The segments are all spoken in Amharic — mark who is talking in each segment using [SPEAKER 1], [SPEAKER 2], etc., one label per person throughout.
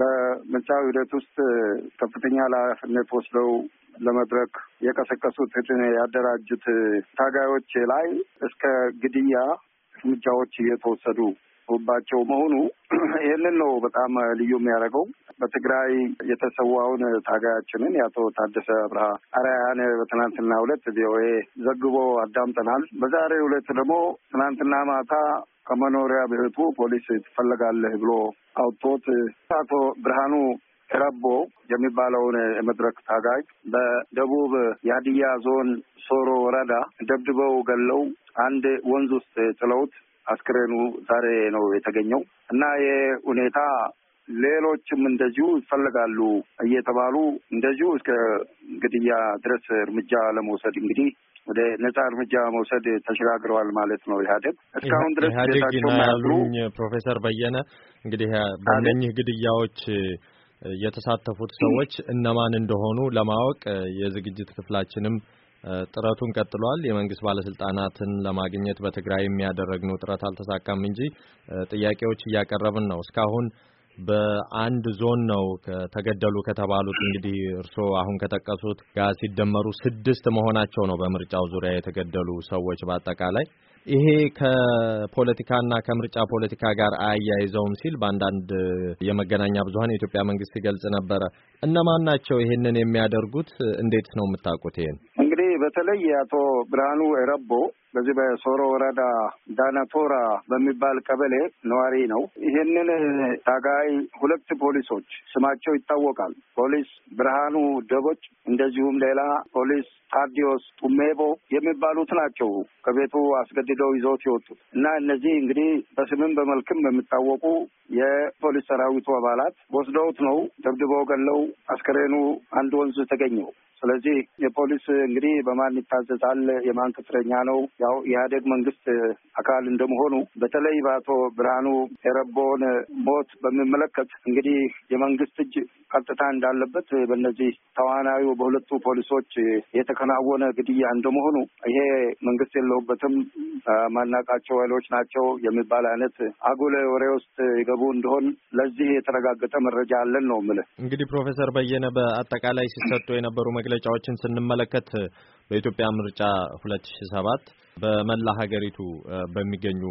[SPEAKER 1] በምርጫው ሂደት ውስጥ ከፍተኛ ኃላፊነት ወስደው ለመድረክ የቀሰቀሱት ያደራጁት ታጋዮች ላይ እስከ ግድያ እርምጃዎች እየተወሰዱ ባቸው መሆኑ ይህንን ነው በጣም ልዩ የሚያደርገው። በትግራይ የተሰዋውን ታጋያችንን የአቶ ታደሰ አብርሃ አርያን በትናንትና ሁለት ቪኦኤ ዘግቦ አዳምጠናል። በዛሬ ሁለት ደግሞ ትናንትና ማታ ከመኖሪያ ቤቱ ፖሊስ ትፈለጋለህ ብሎ አውጥቶት አቶ ብርሃኑ ረቦ የሚባለውን የመድረክ ታጋጅ በደቡብ የሀዲያ ዞን ሶሮ ወረዳ ደብድበው ገለው አንድ ወንዝ ውስጥ ጥለውት አስክሬኑ ዛሬ ነው የተገኘው እና ይህ ሁኔታ ሌሎችም እንደዚሁ ይፈልጋሉ እየተባሉ እንደዚሁ እስከ ግድያ ድረስ እርምጃ ለመውሰድ እንግዲህ ወደ ነጻ እርምጃ መውሰድ ተሸጋግረዋል ማለት ነው። ኢህአዴግ እስካሁን ድረስ ቤታቸው ያሉኝ
[SPEAKER 2] ፕሮፌሰር በየነ እንግዲህ በእነኚህ ግድያዎች የተሳተፉት ሰዎች እነማን እንደሆኑ ለማወቅ የዝግጅት ክፍላችንም ጥረቱን ቀጥሏል። የመንግስት ባለስልጣናትን ለማግኘት በትግራይ የሚያደረግነው ጥረት አልተሳካም እንጂ ጥያቄዎች እያቀረብን ነው። እስካሁን በአንድ ዞን ነው ተገደሉ ከተባሉት እንግዲህ እርስዎ አሁን ከጠቀሱት ጋር ሲደመሩ ስድስት መሆናቸው ነው በምርጫው ዙሪያ የተገደሉ ሰዎች በአጠቃላይ። ይሄ ከፖለቲካና ከምርጫ ፖለቲካ ጋር አያይዘውም ሲል በአንዳንድ የመገናኛ ብዙኃን የኢትዮጵያ መንግስት ሲገልጽ ነበረ። እነማን ናቸው ይሄንን የሚያደርጉት? እንዴት ነው የምታውቁት ይሄን?
[SPEAKER 1] እንግዲህ በተለይ አቶ ብርሃኑ ረቦ በዚህ በሶሮ ወረዳ ዳናቶራ በሚባል ቀበሌ ነዋሪ ነው። ይህንን ታጋይ ሁለት ፖሊሶች ስማቸው ይታወቃል። ፖሊስ ብርሃኑ ደቦች፣ እንደዚሁም ሌላ ፖሊስ ታዲዮስ ጡሜቦ የሚባሉት ናቸው ከቤቱ አስገድደው ይዘውት የወጡት እና እነዚህ እንግዲህ በስምም በመልክም የሚታወቁ የፖሊስ ሰራዊቱ አባላት ወስደውት ነው ደብድበው ገለው አስከሬኑ አንድ ወንዝ ተገኘው። ስለዚህ የፖሊስ እንግዲህ በማን ይታዘዛል? የማን ቅጥረኛ ነው? ያው ኢህአዴግ መንግስት አካል እንደመሆኑ በተለይ በአቶ ብርሃኑ ኤረቦን ሞት በሚመለከት እንግዲህ የመንግስት እጅ ቀጥታ እንዳለበት በእነዚህ ተዋናዩ በሁለቱ ፖሊሶች የተከናወነ ግድያ እንደመሆኑ ይሄ መንግስት የለውበትም ማናቃቸው ኃይሎች ናቸው የሚባል አይነት አጉል ወሬ ውስጥ ይገቡ እንደሆን ለዚህ የተረጋገጠ መረጃ አለን ነው የምልህ።
[SPEAKER 2] እንግዲህ ፕሮፌሰር በየነ በአጠቃላይ ሲሰጡ የነበሩ መግለጫዎችን ስንመለከት በኢትዮጵያ ምርጫ 2007 በመላ ሀገሪቱ በሚገኙ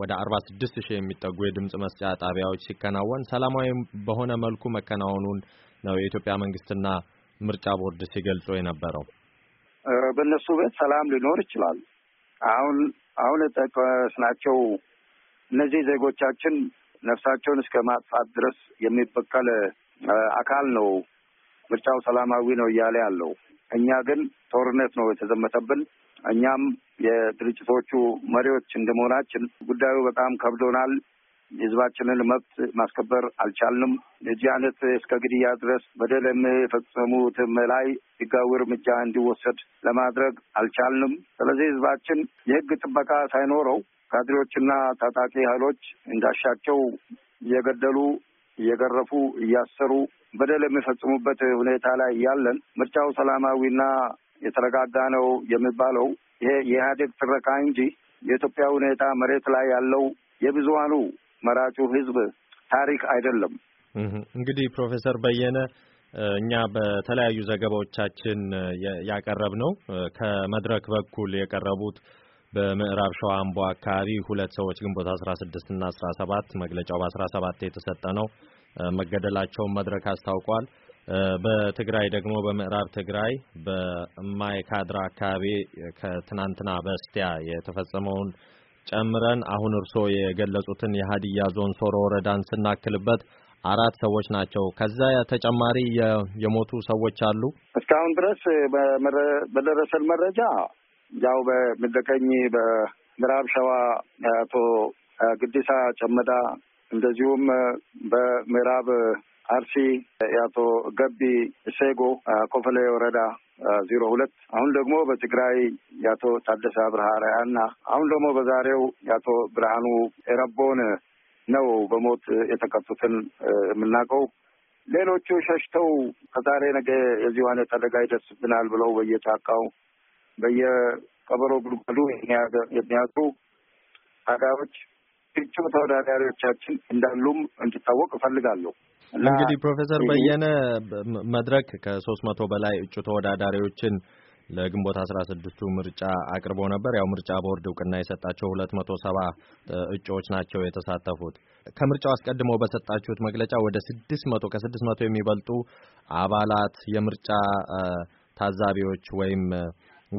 [SPEAKER 2] ወደ 46 ሺህ የሚጠጉ የድምፅ መስጫ ጣቢያዎች ሲከናወን ሰላማዊ በሆነ መልኩ መከናወኑን ነው የኢትዮጵያ መንግስትና ምርጫ ቦርድ ሲገልጾ የነበረው።
[SPEAKER 1] በእነሱ ቤት ሰላም ሊኖር ይችላል። አሁን አሁን የጠቀስናቸው እነዚህ ዜጎቻችን ነፍሳቸውን እስከ ማጥፋት ድረስ የሚበቀል አካል ነው ምርጫው ሰላማዊ ነው እያለ ያለው እኛ ግን ጦርነት ነው የተዘመተብን። እኛም የድርጅቶቹ መሪዎች እንደመሆናችን ጉዳዩ በጣም ከብዶናል። የህዝባችንን መብት ማስከበር አልቻልንም። እዚህ አይነት እስከ ግድያ ድረስ በደል የሚፈጸሙትም ላይ ህጋዊ እርምጃ እንዲወሰድ ለማድረግ አልቻልንም። ስለዚህ ህዝባችን የህግ ጥበቃ ሳይኖረው ካድሬዎችና ታጣቂ ኃይሎች እንዳሻቸው እየገደሉ እየገረፉ እያሰሩ በደል የሚፈጽሙበት ሁኔታ ላይ ያለን ምርጫው ሰላማዊና የተረጋጋ ነው የሚባለው ይሄ የኢህአዴግ ትረካ እንጂ የኢትዮጵያ ሁኔታ መሬት ላይ ያለው የብዙሀኑ መራጩ ህዝብ ታሪክ አይደለም።
[SPEAKER 2] እንግዲህ ፕሮፌሰር በየነ እኛ በተለያዩ ዘገባዎቻችን ያቀረብ ነው ከመድረክ በኩል የቀረቡት በምዕራብ ሸዋ አምቦ አካባቢ ሁለት ሰዎች ግንቦት 16 እና 17 መግለጫው በ17 የተሰጠ ነው መገደላቸውን መድረክ አስታውቋል። በትግራይ ደግሞ በምዕራብ ትግራይ በማይ ካድራ አካባቢ ከትናንትና በስቲያ የተፈጸመውን ጨምረን አሁን እርሶ የገለጹትን የሀዲያ ዞን ሶሮ ወረዳን ስናክልበት አራት ሰዎች ናቸው። ከዛ ተጨማሪ የሞቱ ሰዎች አሉ።
[SPEAKER 1] እስካሁን ድረስ በደረሰን መረጃ ያው በምደቀኝ በምዕራብ ሸዋ አቶ ግዲሳ ጨመዳ እንደዚሁም በምዕራብ አርሲ የአቶ ገቢ ሴጎ ኮፈሌ ወረዳ ዜሮ ሁለት አሁን ደግሞ በትግራይ የአቶ ታደሰ ብርሃ ርያና አሁን ደግሞ በዛሬው የአቶ ብርሃኑ ኤረቦን ነው በሞት የተቀጡትን የምናውቀው። ሌሎቹ ሸሽተው ከዛሬ ነገ የዚህ አይነት አደጋ ይደርስብናል ብለው በየጫካው በየቀበሮ ጉድጓዱ የሚያዙ አጋሮች እጩ ተወዳዳሪዎቻችን እንዳሉም እንዲታወቅ እፈልጋለሁ። እንግዲህ ፕሮፌሰር በየነ
[SPEAKER 2] መድረክ ከሶስት መቶ በላይ እጩ ተወዳዳሪዎችን ለግንቦት አስራ ስድስቱ ምርጫ አቅርቦ ነበር። ያው ምርጫ ቦርድ እውቅና የሰጣቸው ሁለት መቶ ሰባ እጩዎች ናቸው የተሳተፉት። ከምርጫው አስቀድሞ በሰጣችሁት መግለጫ ወደ ስድስት መቶ ከስድስት መቶ የሚበልጡ አባላት የምርጫ ታዛቢዎች ወይም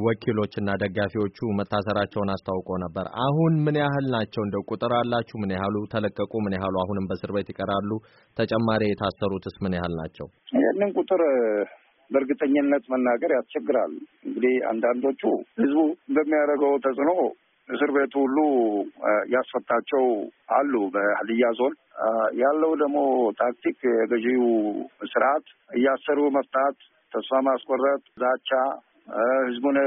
[SPEAKER 2] ወኪሎችና ደጋፊዎቹ መታሰራቸውን አስታውቆ ነበር። አሁን ምን ያህል ናቸው? እንደው ቁጥር አላችሁ? ምን ያህሉ ተለቀቁ? ምን ያህሉ አሁንም በእስር ቤት ይቀራሉ? ተጨማሪ የታሰሩትስ ምን ያህል ናቸው? ይህንን
[SPEAKER 1] ቁጥር በእርግጠኝነት መናገር ያስቸግራል። እንግዲህ አንዳንዶቹ ህዝቡ በሚያደርገው ተጽዕኖ እስር ቤቱ ሁሉ ያስፈታቸው አሉ። በሀዲያ ዞን ያለው ደግሞ ታክቲክ የገዢው ስርዓት እያሰሩ መፍታት፣ ተስፋ ማስቆረጥ፣ ዛቻ ህዝቡን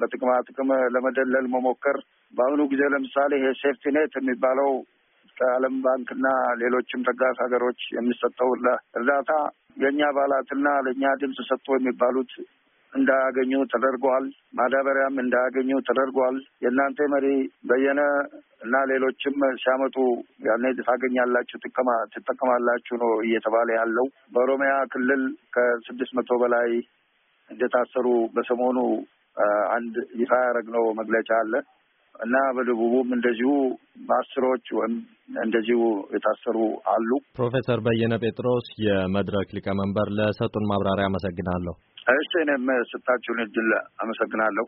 [SPEAKER 1] በጥቅማ ጥቅም ለመደለል መሞከር በአሁኑ ጊዜ ለምሳሌ ይሄ ሴፍቲ ኔት የሚባለው ከዓለም ባንክና ሌሎችም ተጋፍ ሀገሮች የሚሰጠው እርዳታ የእኛ አባላትና ለእኛ ድምፅ ሰጥቶ የሚባሉት እንዳያገኙ ተደርጓል። ማዳበሪያም እንዳያገኙ ተደርጓል። የእናንተ መሪ በየነ እና ሌሎችም ሲያመጡ ያኔ ታገኛላችሁ፣ ትጠቀማላችሁ ነው እየተባለ ያለው። በኦሮሚያ ክልል ከስድስት መቶ በላይ እንደታሰሩ በሰሞኑ አንድ ይፋ ያደረግነው መግለጫ አለ እና በደቡቡም እንደዚሁ ማስሮች ወይም እንደዚሁ የታሰሩ አሉ።
[SPEAKER 2] ፕሮፌሰር በየነ ጴጥሮስ የመድረክ ሊቀመንበር ለሰጡን ማብራሪያ አመሰግናለሁ።
[SPEAKER 1] እሺ እኔም ስጣችሁን እድል አመሰግናለሁ።